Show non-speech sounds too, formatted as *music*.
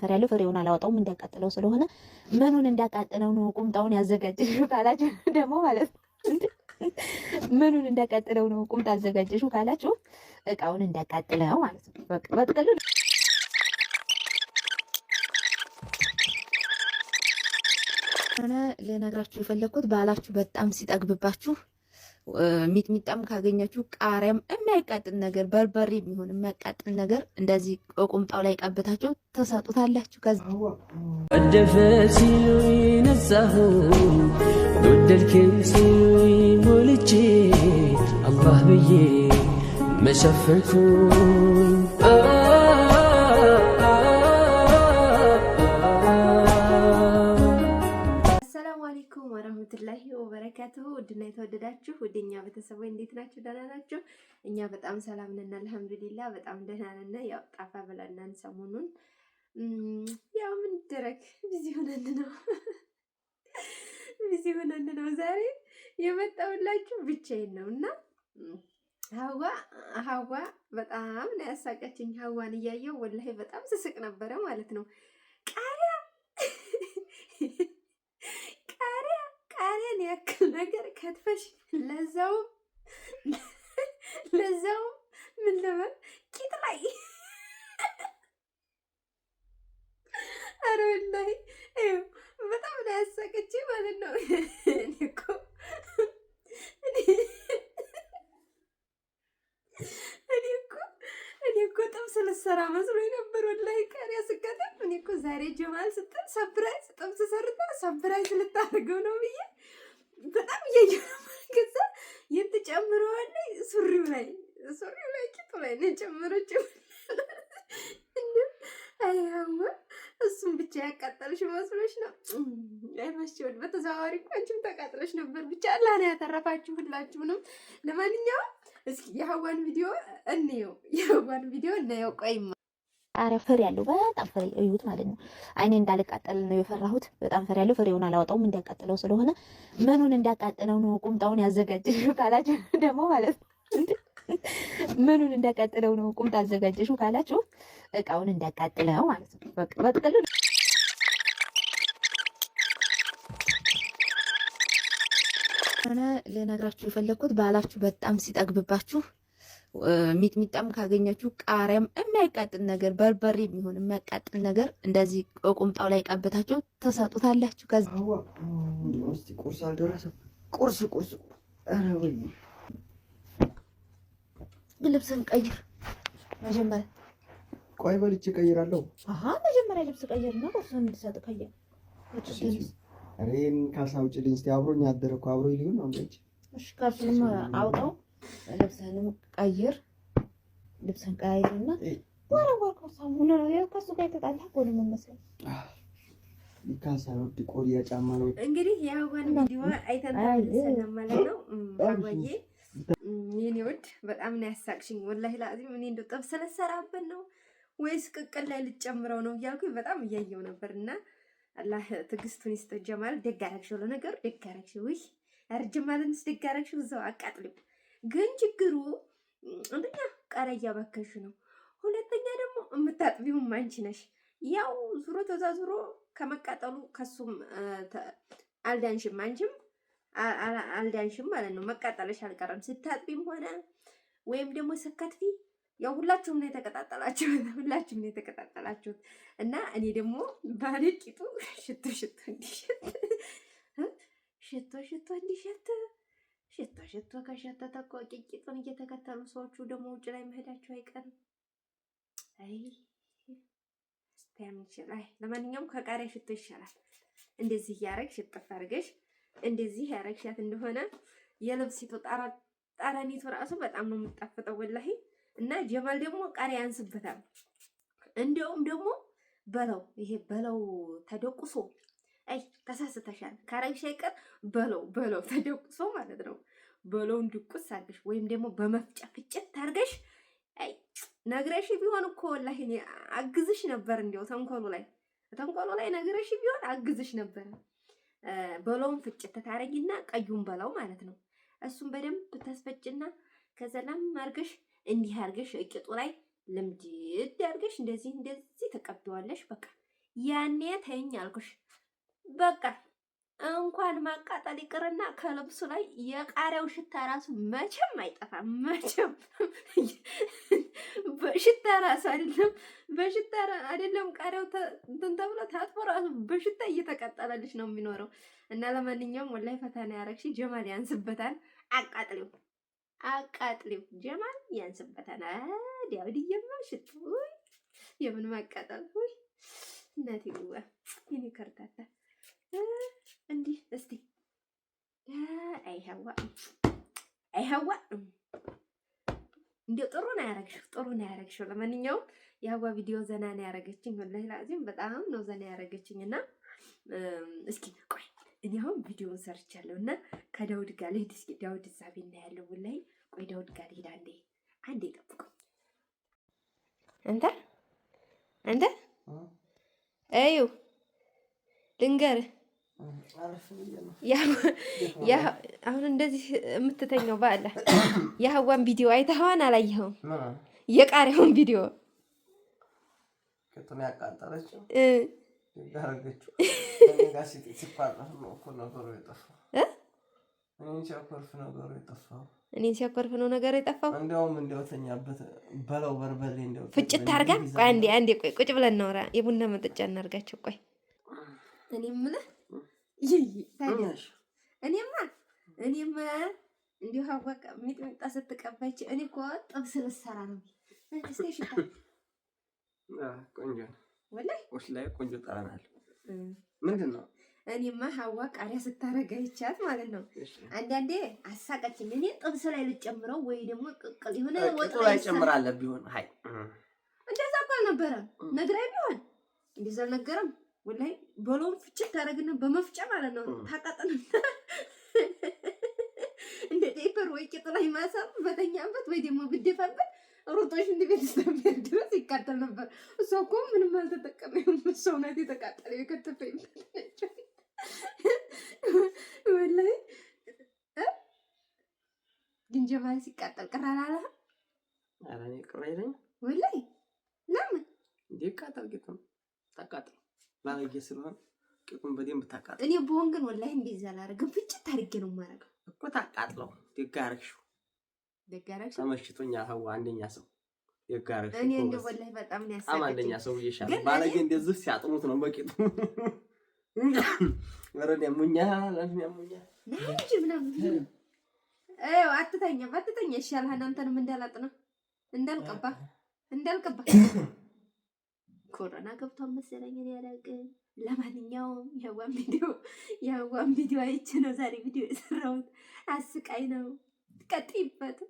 ከንፈር ያለው ፍሬውን አላወጣውም እንዲያቃጥለው ስለሆነ ምኑን እንዳቃጥለው ነው ቁምጣውን ያዘጋጀሽው ካላችሁ ደግሞ ማለት ነው ምኑን እንዳቃጥለው ነው ቁምጣ አዘጋጀሽው ካላችሁ እቃውን እንዳቃጥለው ማለት ነው በጥቅሉ ሆነ ልነግራችሁ የፈለግኩት ባላችሁ በጣም ሲጠግብባችሁ ሚጥሚጣም ካገኛችሁ ቃሪያም የሚያቃጥል ነገር በርበሬ የሚሆን የሚያቃጥል ነገር እንደዚህ ቁምጣው ላይ ቀብታችሁ ተሰጡታላችሁ። ከዚ ወደፈ ሲሉ ነጻሁ ወደልክም ሲሉ ሞልቼ አላህ ብዬ መሸፈንኩ ወበረካቱሁ ውድና የተወደዳችሁ ውድኛ ቤተሰቦች እንዴት ናችሁ? ደህና ናችሁ? እኛ በጣም ሰላም ነን፣ አልሐምዱሊላ በጣም ደህና ነን። ያው ጣፋ ብለናን ሰሞኑን ያው ምን ይደረግ ቢዚ ሆነን ነው ቢዚ ሆነን ነው ዛሬ የመጣሁላችሁ ብቻዬን ነው እና ሀዋ ሀዋ በጣም ነው ያሳቀችኝ። ሀዋን እያየው ወላሂ በጣም ስስቅ ነበረ ማለት ነው ከትፈሽ ለዛው ለዛው ምን ለበል ቂጥ ላይ አረ ወላሂ በጣም ነው ያሳቀች ማለት ነው። እኔ እኮ እኔ እኮ እኔ እኮ ነበር። ወላሂ ቀሪ ያስቀጠም እኔ እኮ ዛሬ ጀማል ስጥል ሰብራይዝ ጥብስ ሰርታ ሰብራይዝ ልታደርገው ነው ብዬ በጣም እያየገዛ የት ጨምረዋለች? ሱሪው ላይ ሱሪው ላይ ቂጡ ላይ ነው የጨመረችው። አይዋ እሱም ብቻ ያቃጠልሽ መስሎች ነው አይመስችል። በተዘዋዋሪ እኮ አንቺም ተቃጥለሽ ነበር። ብቻ አላህ ነው ያተረፋችሁ ሁላችሁንም። ለማንኛውም እስኪ የሀዋን ቪዲዮ እንየው፣ የሀዋን ቪዲዮ እናየው። ቆይማ ጣሪያ ፍሬ ያለው በጣም ፍሬ እዩት ማለት ነው። አይኔ እንዳልቃጠል ነው የፈራሁት። በጣም ፍሬ ያለው ፍሬውን አላወጣውም እንዲያቃጥለው ስለሆነ ምኑን እንዳቃጥለው ነው ቁምጣውን ያዘጋጀሽው ካላችሁ ደግሞ ማለት ምኑን እንዳቃጥለው ነው ቁምጣ አዘጋጀሽው ካላችሁ እቃውን እንዳቃጥለው ማለት ነው። በጥቅሉ ሆነ ልነግራችሁ የፈለግኩት ባላችሁ በጣም ሲጠግብባችሁ ሚጥሚጣም ካገኛችሁ ቃሪያም የሚያቃጥል ነገር በርበሬ የሚሆን የሚያቃጥል ነገር እንደዚህ ቁምጣው ላይ ቀብታችሁ ተሰጡታላችሁ። ከዚ ቁርስ አልደረሰም። ቁርስ ቁርስ ልብስን ቀይር መጀመሪያ። ቆይ በልቼ እቀይራለሁ። መጀመሪያ ልብስ ቀይር እና ቁርስን እንድሰጥ ቀይር። ይህን ካልሳ ውጭ ልኝ። እስኪ አብሮኝ አደረ እኮ አብሮኝ ሊሆን ነው። እሺ ካልሱንም አውጣው ልብስህንም ቀይር። ልብስህን ቀያይርና ወረወር ሳሙና ነው ይኸው ከሱ ጋር የተጣላ ጎል መመስለኝ ካሳወድ ቆሪያ ጫማ ነው እንግዲህ የአበባን ቪዲዮ አይተናል ማለት ነው። አበባዬ የኔ ውድ በጣም ነው ያሳቅሽኝ። ወላሂ ላዚም እኔ እንደው ጥብስ ልሰራበት ነው ወይስ ቅቅል ላይ ልጨምረው ነው እያልኩኝ በጣም እያየው ነበር እና አላህ ትዕግስቱን ይስጠው። ጀማል ደግ አደረግሽው፣ ለነገሩ ደግ አደረግሽው። ውይ አርጅማለንስ ደግ አደረግሽው። እዛው አቃጥልም ግን ችግሩ አንደኛ ቀረ እያባከሽ ነው፣ ሁለተኛ ደግሞ የምታጥቢውም አንቺ ነሽ። ያው ዙሮ ተዛዙሮ ከመቃጠሉ ከሱም አልዳንሽም፣ አንቺም አልዳንሽም ማለት ነው። መቃጠለሽ አልቀረም። ስታጥቢም ሆነ ወይም ደግሞ ስከትፊ ያው ሁላችሁም ነው የተቀጣጠላችሁት፣ ሁላችሁም ነው የተቀጣጠላችሁት። እና እኔ ደግሞ ባለቂጡ ሽቶ ሽቶ እንዲሸት ሽቶ ሽቶ እንዲሸት ሽታ ሽቶ ከሸተተ እኮ ቂጥቂጡን እየተከተሉ ሰዎቹ ደግሞ ውጭ ላይ መሄዳቸው አይቀርም። አይ ይሻላል። ለማንኛውም ከቃሪያ ሽቶ ይሻላል። እንደዚህ እያረግሽ እጥፍ አድርገሽ እንደዚህ ያረግሻት እንደሆነ የልብሲቱ ጠረኒቱ ራሱ በጣም ነው የምጣፍጠው ወላሂ። እና ጀማል ደግሞ ቃሪያ ያንስበታል። እንዲያውም ደግሞ በለው ይሄ በለው ተደቁሶ አይ ተሳስተሻል ካረግሽ አይቀር በለው በለው ተደቁሶ ማለት ነው። በለውን ድቁስ አድርገሽ ወይም ደግሞ በመፍጫ ፍጭት ታርገሽ ነግረሽ ቢሆን እኮ ወላሂ እኔ አግዝሽ ነበር። እንዲያው ተንኮሉ ላይ ተንኮሉ ላይ ነግረሽ ቢሆን አግዝሽ ነበር። በለውን ፍጭት ታረጊና ቀዩን በላው ማለት ነው። እሱም በደንብ ተስፈጭና ከዘላም አርገሽ እንዲህ አርገሽ እቂጡ ላይ ልምድድ አርገሽ እንደዚህ እንደዚህ ተቀብዋለሽ። በቃ ያኔ ተይኝ አልኩሽ በቃ እንኳን ማቃጠል ይቅርና ከልብሱ ላይ የቃሪያው ሽታ ራሱ መቼም አይጠፋም። መቼም በሽታ ራሱ አይደለም በሽታ አይደለም ቃሪያው እንትን ተብሎ ታጥፎ ራሱ በሽታ እየተቃጠለልሽ ነው የሚኖረው። እና ለማንኛውም ወላይ ፈተና ያረግሽ ጀማል ያንስበታል። አቃጥሊው አቃጥሊው፣ ጀማል ያንስበታል። ዲያው ዲየማ ሽት የምን ማቃጠል እናቴ ይዋ ይኔ ከርታታ እንዲህ እስቲ አይሀዋ አይሀዋ እንዲያው ጥሩ ነው ያደረግሽው፣ ጥሩ ነው ያደረግሽው። ለማንኛውም የሀዋ ቪዲዮ ዘና ነው ያደረገችኝ። ወላሂ ላዚም በጣም ነው ዘና ያደረገችኝ። እና እስኪ ቆይ እኔ አሁን ቪዲዮውን ሰርቻለሁ እና ከዳውድ ጋር ልሂድ። እስኪ ዳውድ እዛ ቤት ነው ያለው። ወላሂ ቆይ ዳውድ ጋር ልሂድ። አንዴ አንዴ ጠብቁ። አንተ አንተ እዩ ልንገርህ አሁን እንደዚህ የምትተኘው ባለ የሀዋን ቪዲዮ አይተኸዋን? አላየኸውም? የቃሪያውን ቪዲዮ እኔን ሲያኮርፍ ነው ነገሩ የጠፋው። እንዲያውም በለው እንዲያው ፍጭት ቆይ አንዴ አንዴ፣ ቆይ ቁጭ ብለን እናውራ። የቡና መጠጫ እናርጋቸው ቆይ እኔ የምልህ እኔማ እኔም እንዲሁ አወቀ ሚጥሚጣ ስትቀባች እኔ እኮ ጥብስ ልሰራ ነው። ቆንጆ ላይ ቆንጆ ጠረን ምንድን ነው እኔማ ሀዋ ቃሪያ ስታረጋ ይቻት ማለት ነው። አንዳንዴ አሳቀችኝ። እኔ ጥብስ ላይ ልጨምረው ወይ ደግሞ ቅቅል የሆነ ወጥ ላይ ጨምራለ ቢሆን ሀይ እንደዛ እኮ አልነበረም። ነግራኝ ቢሆን እንደዛ አልነገረም ወላይ በሎም ፍጭት ታደርግና በመፍጫ ማለት ነው ታቃጠን *laughs* እንደ ዴፐር ወይ ቂጥ ላይ ማሳብ በተኛበት ወይ ደግሞ ብደፋበት ሩጦሽ እንደ ቤተሰብ ድረስ ይቃጠል ነበር። እሷ እኮ ምንም አልተጠቀመም። ሰውነት የተቃጠለ የከተፈ *laughs* ወላይ ግንጀባ ሲቃጠል ቅር አላለ ቅር አይለኝ ወላይ ለምን እንዲ ይቃጠል ግጥም ተቃጠል ባለጌ ስለሆነ ቂጡን በደንብ ታቃጥ። እኔ በሆን ግን ወላሂ እንደዛ አላደርግም። ፍጭት አድርጌ ነው የማደርገው እኮ ታቃጥለው። ደግ አደረግሽው፣ ደግ አደረግሽው። ተመችቶኛል። ሀዋ አንደኛ ሰው እኔ እንደ ወላሂ በጣም ነው ያሳቀኝ። አንደኛ ሰው ይሻል። ባለጌ እንደዚህ ሲያጥሙት ነው በቂጡ ወረድ ያሙኛል ያሙኛል እንጂ ምናምን አትተኛም፣ አትተኛ ይሻልሃል። አንተንም እንዳላጥ ነው እንዳልቀባ እንዳልቀባ ኮሮና ገብቷል መሰለኝ እኔ አላውቅም። ለማንኛውም የዋን ቪዲዮ *laughs* የዋን ቪዲዮ አይቼ ነው ዛሬ ቪዲዮ የሰራሁት። አስቃይ ነው። ቀጥይበት።